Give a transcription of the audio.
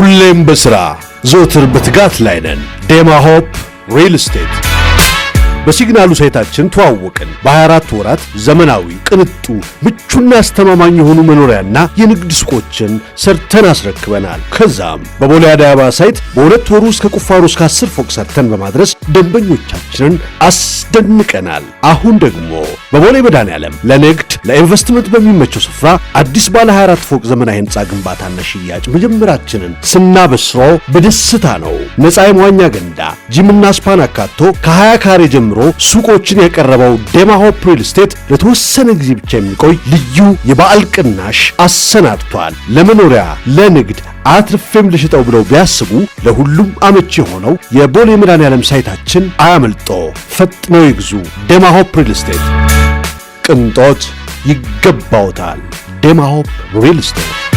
ሁሌም በሥራ ዘወትር በትጋት ላይ ነን። ዴማ ሆፕ ሪል ስቴት በሲግናሉ ሳይታችን ተዋወቅን። በ24 ወራት ዘመናዊ፣ ቅንጡ፣ ምቹና አስተማማኝ የሆኑ መኖሪያና የንግድ ሱቆችን ሰርተን አስረክበናል። ከዛም በቦሌ አዳባ ሳይት በሁለት ወሩ እስከ ቁፋሮ እስከ 10 ፎቅ ሰርተን በማድረስ ደንበኞቻችንን አስደንቀናል። አሁን ደግሞ በቦሌ መድኃኔዓለም ለንግድ ለኢንቨስትመንት በሚመቸው ስፍራ አዲስ ባለ 24 ፎቅ ዘመናዊ ህንፃ ግንባታና ሽያጭ መጀመራችንን ስናበስሮ በደስታ ነው። ነፃ የመዋኛ ገንዳ፣ ጂምና ስፓን አካቶ ከ20 ካሬ ጀምሮ ሱቆችን ያቀረበው ዴማ ሆፕ ሪል ስቴት ለተወሰነ ጊዜ ብቻ የሚቆይ ልዩ የበዓል ቅናሽ አሰናድቷል። ለመኖሪያ ለንግድ አትርፌም ልሽጠው ብለው ቢያስቡ ለሁሉም አመቺ የሆነው የቦሌ መድኃኔዓለም ሳይታችን አያመልጦ። ፈጥነው ይግዙ። ዴማ ሆፕ ሪል ስቴት ቅንጦት ይገባውታል። ደማሆፕ ሪል ስቴት